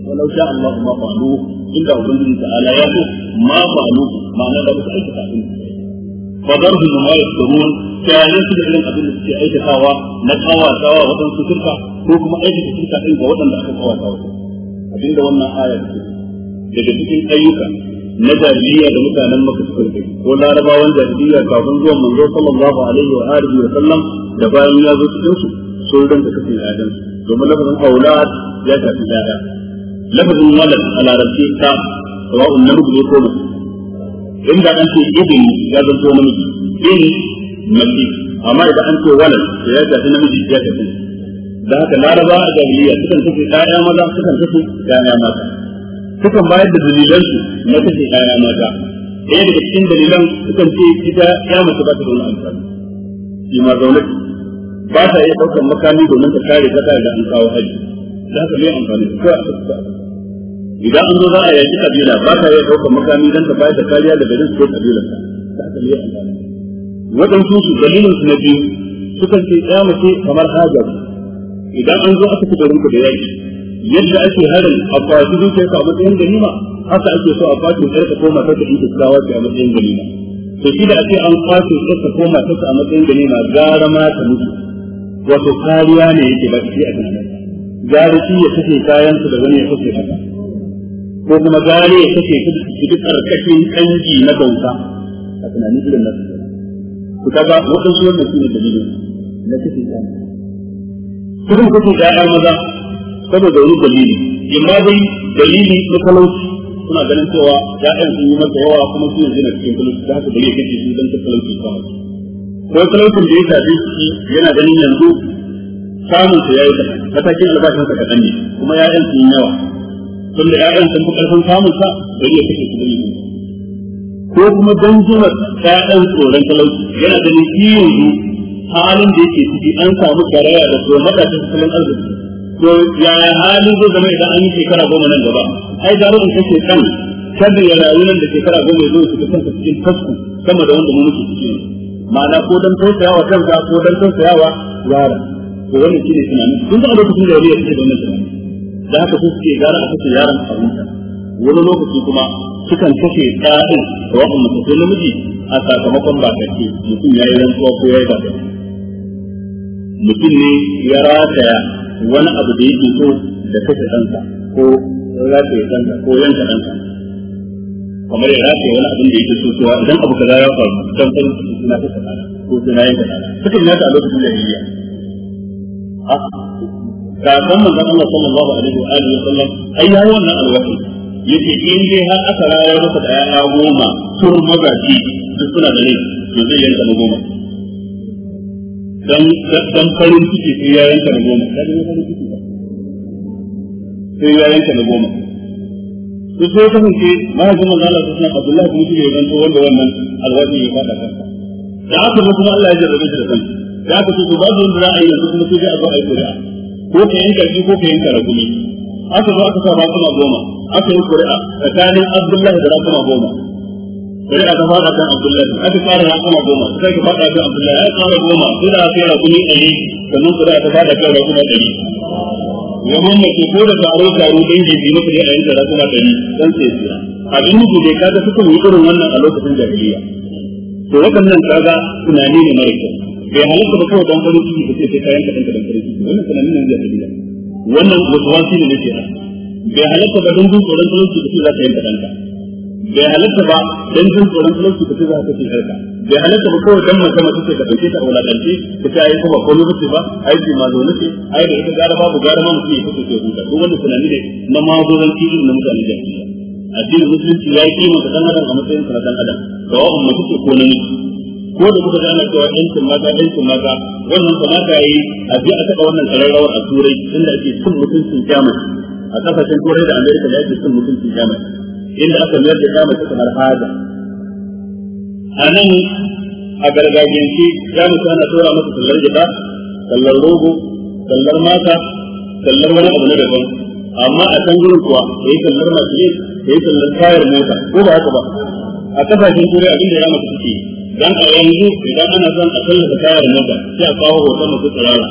ولو شاء الله ما فعلوه الا ابن تعالى يقول ما فعلوه معنى لو تعيش فعلوه فضرب ما يذكرون كان يسد إلى أبن في أي تساوى نقوى سوا وطن سكرك حكم أي تسكرك إن وطن لأخذ Abin da wannan دوانا ce. daga cikin ayyuka na jahiliya da mutanen maka suka rufe ko larabawan jahiliya kafin zuwan manzo sallallahu alaihi wa alihi wa sallam da bayan ya zo cikin su sun danta kafe ladan domin lafazin aulad ya tafi lada lafazin walad a larabci ta sawa'un namiji ne ko mace in da an ce ibn ya zanto namiji in mace amma idan an ce walad to ya tafi namiji ya tafi da haka laraba a jahiliya sukan kace ƴaƴa maza sukan kace ƴaƴa mata sukan bayar da dalilan su na kace ƴaƴa mata ɗaya daga cikin dalilan sukan ce ita ya mace ba ta da wani amfani shi ma zaune ba ta iya ɗaukar makami domin ta kare ta da an kawo haji da haka mai amfani ko a idan an zo za a yaki kabila ba ka yi ɗaukar makami don ka bayar da kariya da garin su ko kabilar ka ta ne waɗansu su dalilin su na biyu sukan ce ya mace kamar hajar idan an zo aka fi garin ku da yaki yadda ake harin a kwashi zuciyar ka a matsayin ganima haka ake so a kwashi zuciyar ka ko matar ka in iskawa ce a matsayin ganima to shi da ake an kwashi zuciyar ka ko matar ka a matsayin ganima gara ma ta mutu wato kariya ne yake ba shi a tunanin gara shi ya kashe kayan su da wani ya kashe haka ko kuma gare ya kace su duk karkashin kanji na bauta a tunanin irin nasu ku kaga waɗansu wannan su ne dalilin na kace kan kudin kace ɗaya maza saboda wani dalili imma dai dalili na talauci suna ganin cewa ya'yan sun yi masa yawa kuma su yanzu na cikin talauci da haka dalili ya kace su don ta talauci kawai ko talaucin da ya tafi shi yana ganin yanzu samun su yayi kaɗan matakin albashinsa kaɗan ne kuma ya'yan sun yawa tun da ƴaƴan sun fi ƙarfin samun sa da iya kashe su bari ko kuma dan jira ƴaƴan tsoron talauci yana da shi yanzu halin da yake ciki an samu karaya da ko hada ta tattalin arziki to ya halin zai zama idan an yi shekara goma nan gaba ai da rubuta kashe kan kada ya rayu nan da shekara goma ya zo su ga kanka cikin tasku sama da wanda mu muke ciki ma'ana ko dan tausayawa kanka ko dan tausayawa yara to wannan shine tunanin kun ga lokacin da ya ce da wannan tunanin zaka haka su suke gara a kashe yaran a huta wani lokaci kuma sukan kashe ɗa'in da wakon mace namiji a sakamakon ba kake mutum ya yi rantsuwa ko ya yi ba mutum ne ya rataya wani abu da yake so da kashe ɗansa ko rataya ɗansa ko yanka ɗansa kamar ya rataya wani abin da yake so cewa idan abu kaza ya faru dan farin ciki suna kashe ko suna yanka ɗana sukan yata a lokacin da ya yi ga san manzon Allah sallallahu alaihi wa alihi wasallam ai yayi wannan alwashi yace in dai har aka rayar masa da yaya goma sun magaji duk suna da rai to zai yanka da goma dan dan farin ciki sai ya yanka da goma dan farin ciki sai ya yanka da goma su sai kasance mahaifin manzon Allah sallallahu alaihi wa sallam Abdullahi kuma shi ne wanda wannan alwashi ya fada kansa da aka kuma Allah ya jarrabe shi da kansa da aka ce to babu wanda za a yi yanzu kuma sai dai a zo a yi ƙuri'a ko ka yanka shi ko ka yanka rakumi aka zo aka sa ba rakuma goma aka yi ƙuri'a tsakanin abdullahi da rakuma goma ƙuri'a ta fada kan abdullahi aka fara rakuma goma sai ka fada kan abdullahi aka fara goma sai da aka yi rakumi ɗari sannan ƙuri'a ta fada kan rakuma ɗari ya mamaye ko da taro taro dangi biyu mutu yi a da rakuma ɗari dan sai siya abin nufi dai kaga suka yi irin wannan a lokacin jahiliya to waɗannan kaga tunani ne mara kyau bai halatta ba kawai dan farin ciki da ce sai kayan ka dan farin ciki wannan tunanin nan zai tafi wannan waswasi ne nake bai halatta ba dan tsoron talauci ka ce za ka yanka danka bai halatta ba dan jin tsoron talauci ka ce za ka kashe harka bai halatta ba kawai dan mace mace ce ka dauke ta a wulakance ka ce ai kuma komai bace ba ai ji ma zaune ce ai da ita gara babu gara ma mutum ya kace ke huta duk wannan tunani ne na magoran cikin na mutane da addinin musulunci ya yi kima ka dan adam a matsayin sa na dan adam sawa'un mace ce ko namiji ko da kuka gane cewa ɗancin mata ɗancin mata wannan kamata yi a je a taɓa wannan tsararrawar a turai inda ake cin mutuncin jamus a kasashen turai da amerika da ake cin mutuncin jamus inda aka mayar da jamus kamar haza a nan a gargajiyance jamus ana tura masa sallar gida sallar rogo sallar mata sallar wani abu na daban amma a can gurin kuwa da ya sallar masu yin da yi sallar tayar mota ko ba haka ba a kasashen turai abin da ya mata suke yi dan a yanzu idan ana son a sallaka kayan mota sai a kawo hoton mutum tsirara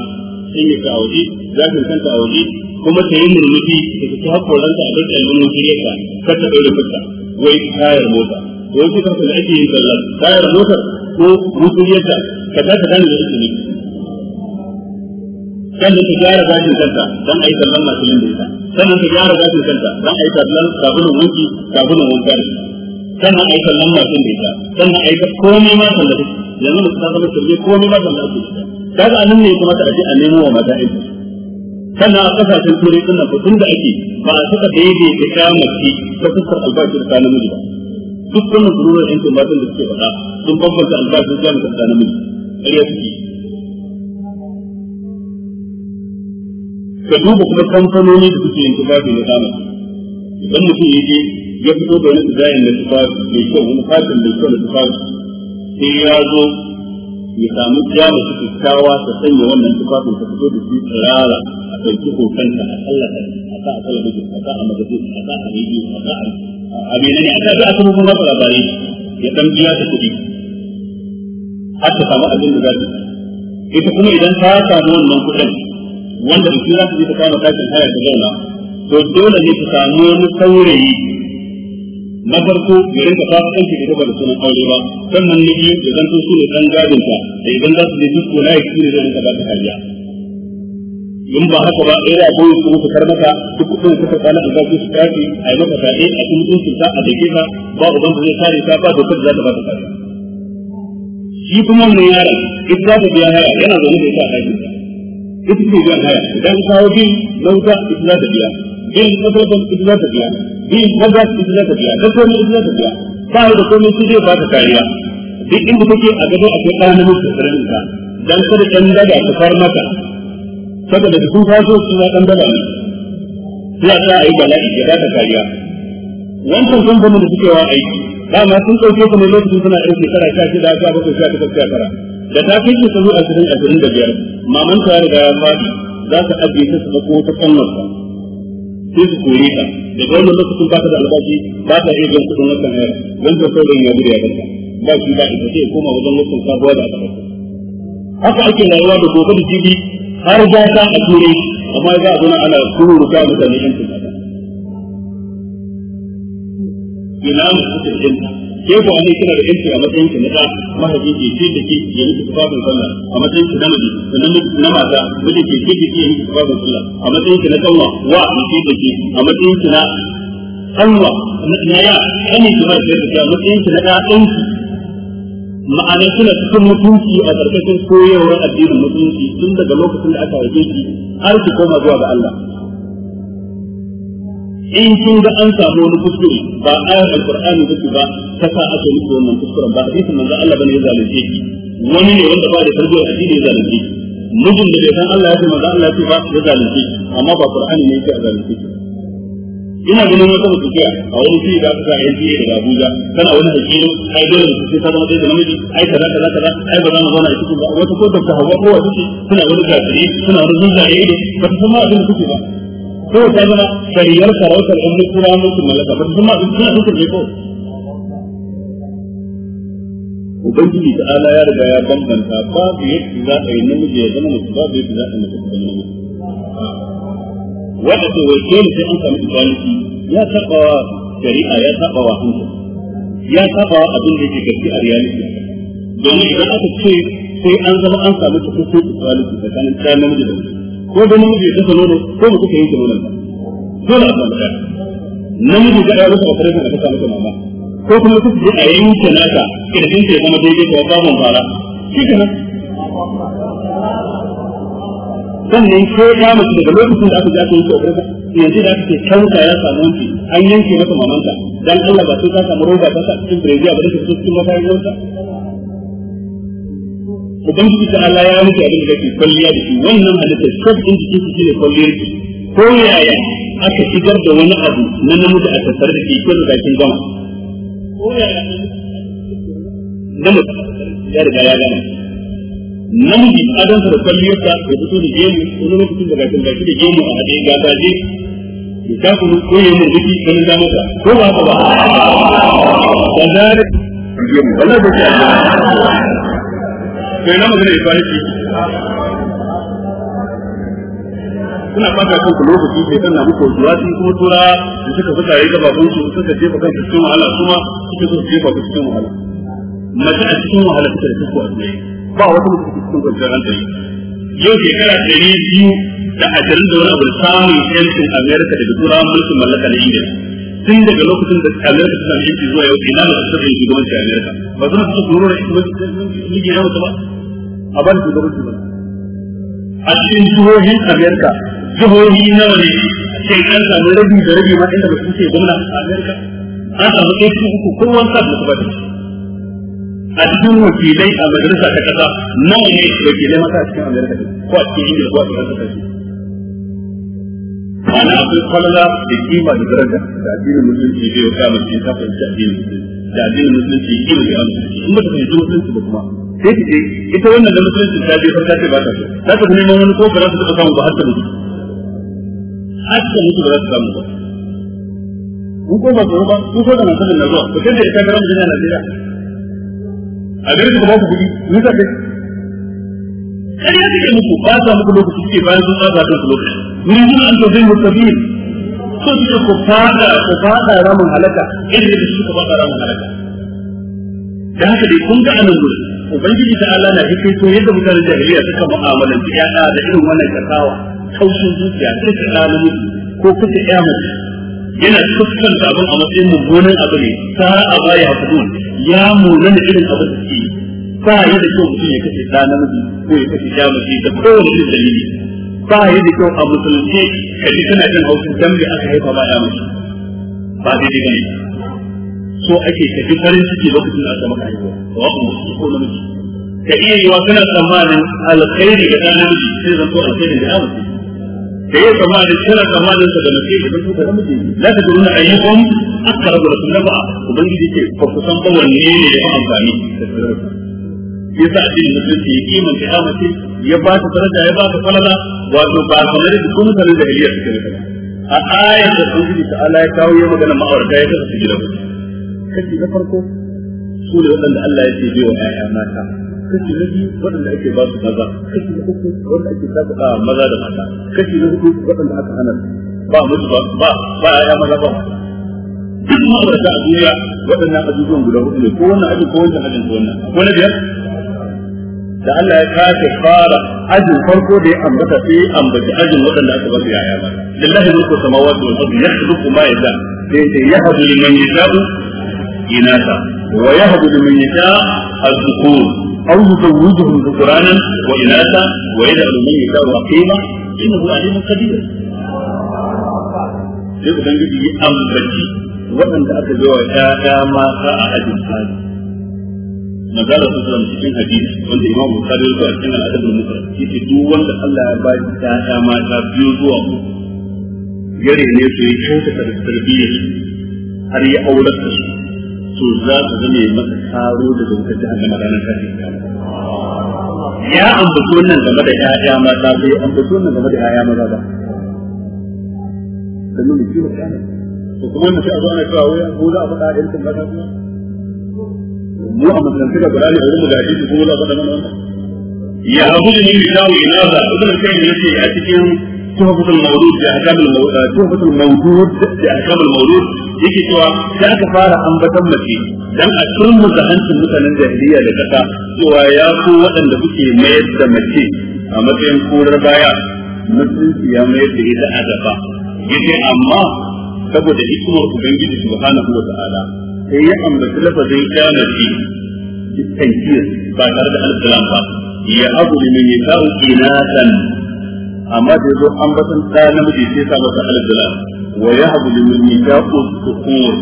sun yi ta'audi zafin kan a waje kuma ta yi murmushi da ta hakoranta a ɗan murmushi ya ka kar ta ɗaure fuska wai tayar mota wai kuka da ake yin sallar kayan motar ko musuliyarta ka ta ta gane da ita ne sannan ta gyara zafin kanta dan a yi sallar masu lindinta sannan ta gyara zafin kanta dan a yi sallar sabulun wanki sabulun wanka sannan aika lamba sun da ita sannan aika komai ma sanda take yanzu da ta zama sirri komai ma sanda ake ita kaga anan ne kuma ta aje a nemo wa mata aiki sannan a kasashen turai din nan tun da ake ba a saka da ta mace ta fuskar albashi da ta namiji ba duk wannan gururar yankin matan da suke faɗa sun bambanta albashin ta mace da namiji ƙarya suke ka duba kuma kamfanoni da suke yin tufafi na zamani idan mutum ya je ya fito da wani zayin na tufafi da kyau wani fatin da kyau na tufafi sai ya zo ya samu jamu su kyakkyawa ta sanya wannan tufafin ta fito da su tsirara a ɗauki hotonta a tallata a ka a talabijin a ka a magazin a ka a rediyo a ka a ne a sa a kuma kuma labarai ya ɗan biya ta kuɗi har ta samu abin da za ta ita kuma idan ta samu wannan kuɗin wanda da shi za ta je ta kama tashin haya ta zauna to dole ne ta samu wani saurayi na farko ya rinka ba su aiki da da sunan aure ba sannan na biyu ya zanto su ne dan gadin ta da idan za su je disko na yaki ne zai rinka ba ta kariya in ba haka ba ɗaya ko su musu karmaka duk kuɗin da suka kwana a zafi su kafi a yi maka fyaɗe a cikin mutuncin ta a dake ka ba uban da zai kare ta ba dokar da za ta ba ta kariya shi kuma wannan yaron in za ta biya haya yana zaune da ita a ɗakin ta ita ce biyan haya idan kawo bin na wuta ita za ta biya in mafarkon ita za ta biya in maza ita za ta biya da komai ita za ta biya ba da komai shi zai ba ta kariya duk inda take a gaba akwai ɗan namiji da ɗan ta dan kada ɗan daga ta far mata saboda daga sun faso su na ɗan daga ne suna sa a yi bala'i ya ba ta kariya wancan sun kamfanin da suke wa aiki dama sun ɗauke ta ne lokacin suna ɗan shekara sha shida sha bakwai sha takwas sha tara da ta kai shekaru ashirin ashirin da biyar maman ta riga ya faɗi za ta ajiye ta su ɗauko ta ƙanwarsa sai su kore ka daga lokacin ba ka da albashi ba ka iya biyan kuɗin wannan hayar sauran ya ba shi ba ita sai koma wajen sabuwa da aka haka ake rayuwa da gobe da jibi har ba ta a ture amma a ana mutane ina mutum da ke ko ne kina da yanci a matsayin ki na da mahaifi ke ce da ke ya miki babin sallah a matsayin ki na miji sannan na mata miji ke ce da ke ya miki sallah a matsayin ki na kanwa wa ke da ke a matsayin ki na kanwa na ya kani ki ma ce da ke a matsayin ki na da ɗanki ma'anar suna cikin mutunci a ƙarƙashin koyarwar addinin mutunci tun daga lokacin da aka haife ki har ki koma zuwa ga Allah in kin ga an samu wani kuskure ba ayar alqur'ani take ba ta sa aka miki wannan kuskuren ba hadisin manzo Allah bane ya zalunce ki wani ne wanda ba da tarbiyyar addini ya zalunce ki mijin da bai san Allah ya ce manzo Allah ya ce ba ya zalunce amma ba qur'ani ne yake a zalunce ina ganin wata mutukiya a wani fiye da aka yi fiye daga Abuja kana wani hakilu ai dole su ce ta zama da namiji ai kaza kaza kaza ai ba za mu zauna a cikin ba wata ko ta hawa ko wata suna wani gafiri suna wani zunzaye ido ba ta san ma abin da kuke ba ko ta zama kariyar sarautar ɗan kura mulkin mallaka ba kuma ne ko ubangiji da ala ya riga ya bambanta yadda za a yi namiji ya zama mutu da yadda za a yi mace ta wanda ke wai sai an samu ikwaliti ya taɓa wa shari'a ya taɓa wa hankali ya taɓa wa abin da ke gaske a reality domin idan aka ce sai an zama an samu cikakken ikwaliti tsakanin ɗan namiji da mutu ko da namiji ya kasa nono ko mu kuka yanke nonon dole a samu ɗaya namiji ga ya wasu tare da kasa masa mama ko kuma kuka yi a yanke naka kirjin ta ya zama daidai ko mun fara shi kenan sannan ko ya mace daga lokacin da aka ji aka yanke operation yanzu da aka ce kanka ya samu wanki an yanke masa mamanta dan Allah ba sai ka samu roba ta sa cikin breziya ba da cikin makarin wata ubangiji ta Allah ya rike abin da kake kwalliya da shi wannan halitta sab din jikin shi ne kwalliyar ki ko yaya aka shigar da wani abu na namiji a tattare da shi kin da kin gama ko yaya namiji ya riga ya gama namiji adon da kwalliyar ka ya fito da gemu wani lokacin da gashin gashi da gemu a haɗe ga gaje ta kafa ko ya kan da damar ko ba ka ba da zarar gemu wannan da shi to ina magana ya kwanci suna fata kan ku lokaci sai kan na muku wasu kuma tura da suka fita yayi gababun su suka jefa kansu cikin wahala kuma suka zo jefa ku cikin wahala mace a cikin wahala suka da kuku wasu tsaye ba wata mutum cikin kwanciyar hankali yau shekara ɗari biyu da ashirin da wani abu samun yancin amerika daga turawan mulkin mallaka na ingila tun daga lokacin da amerika ta yanki zuwa yau ina da su suka yi shugabanci amerika ba suna su kuma rura shi ba su yi gina ba a ban shugabanci ba a cikin jihohin amerika jihohi nawa ne sai an samu rabi da rabi ma inda ba su ce gwamna a amerika an samu ɗaya cikin uku ko wani sa da ba a cikin wakilai a majalisa ta kasa nawa ne wakilai mata a cikin amerika ko a cikin ingila ko a cikin kasashe ma'ana akwai da kima da daraja da addinin musulunci bai wa kamar ke ta fahimci addinin musulunci da addinin musulunci ilimi a musulunci in musulunci ba kuma sai ki ce ita wannan da musulunci ta je farka ce ba ta so za ta neman wani ko ba za ta taɓa samu ba har ta mutu har ta mutu ba za ta samu ba ku ko ba ta ba ku ko da masanin na zuwa ku ce da ita garin jina na jira a gare ku ba ku kuɗi ni ta kai kai ya ce muku ba ta muku lokaci ke bayan sun tsaka ta su lokaci ni mun an to zai mutafi so su ku fada ku fada ramin halaka idan da suka fada ramin halaka da haka dai kun ga anan gurin ubangiji ta Allah na kai to yadda mutanen jahiliya suka da ƴaƴa da irin wannan kasawa kaushin zuciya ta da mutu ko kuka ƴa mace yana kuskan abin a matsayin mummunan abu ne sa a baya hudun ya da irin abin da ke ba ya da kyau mutum ya ta da mutu ko ya kace ƴa mace da kowane irin dalili ba ya da kyau a musulunci kaji kana jin hausin dan me aka haifa ba da mutu ba daidai ba so ake ka farin ciki lokacin da aka maka haihuwa ko namiji ka iya kana tsammanin alkhairi ga namiji sai alkhairi ga ka yi tsammanin kana tsammanin sa da mace da zanto ga namiji za ka tuna ayyukan aka rabu da ba ubangiji ku san ne ya amfani ya ba ta daraja ya ba ta falala wato ba da sanin da a ta ala ya kawo ya magana ma'aurata ya kasa su kashi na farko su ne waɗanda Allah ya ce bai wa ƴaƴa mata kashi na biyu waɗanda ake ba su maza kashi na uku waɗanda ake ba tabbata maza da mata kashi na hudu waɗanda aka hana ba mutu ba ba ba ƴaƴa maza ba duk ma'aurata a duniya waɗannan abubuwan guda hudu ne ko wannan abin ko wannan abin ko wannan ko na biyar da Allah ya kace fara ajin farko da ya ambata sai ambaci ajin waɗanda aka ba su yaya ba lillahi mulku samawati wal ardi yakhluqu ma yasha sai ya yahdu liman yasha'u إناثا ويهب لمن يشاء الذكور أو يزوجهم ذكرانا وإناثا ويجعل من يشاء عقيما إنه عليم قدير sai ubangiji ya ambaci waɗanda aka zo wa ƴaƴa mata a hajjin hali magana su zuwa cikin hadisi wanda imam bukari zuwa cikin al'adabul musa yace duk wanda Allah ya ba shi ƴaƴa mata biyu zuwa uku ya rene su ya kyautata da tarbiyyar har ya aurar da su to za ka zama yi masa taro da dokar da hannun ranar tashin ya ambaci nan game da ƴaƴa mata ya ambaci nan game da ya'ya maza ba sannan mu kiwa ƴaƴa to kuma mace a zuwa na cewa wai ko za a faɗa ƴaƴan kan mata kuma mu a makarantar da gudanar da wurin gaji su kuma za a faɗa mana wannan ya abu da ni bi dawo ina za a cikin تهمة المولود بأحكام المولود تهمة المولود بأحكام المولود yake cewa da aka fara ambatan mace dan a turmu da hancin mutanen jahiliya da kasa cewa ya ku waɗanda kuke mayar da mace a matsayin korar baya musulunci ya mayar da ita a gaba yace amma saboda hikimar ubangiji subhanahu wa ta'ala sai ya ambaci lafazin kyamaci tankiyar ba tare da alkalam ba ya abu ne amma da yazo an batun da namiji sai sa masa aljalal wa yahbu lil mithaqu sukur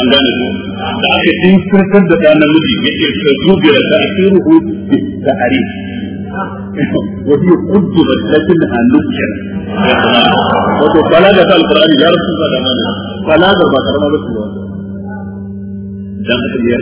an gane ko da aka din kirkar da dan namiji yake ta zubira ta asiru da ari wa hiya qudrat lakin anukya wato balaga ta alqur'ani ya rasu da nan balaga ba karama ba ce dan aka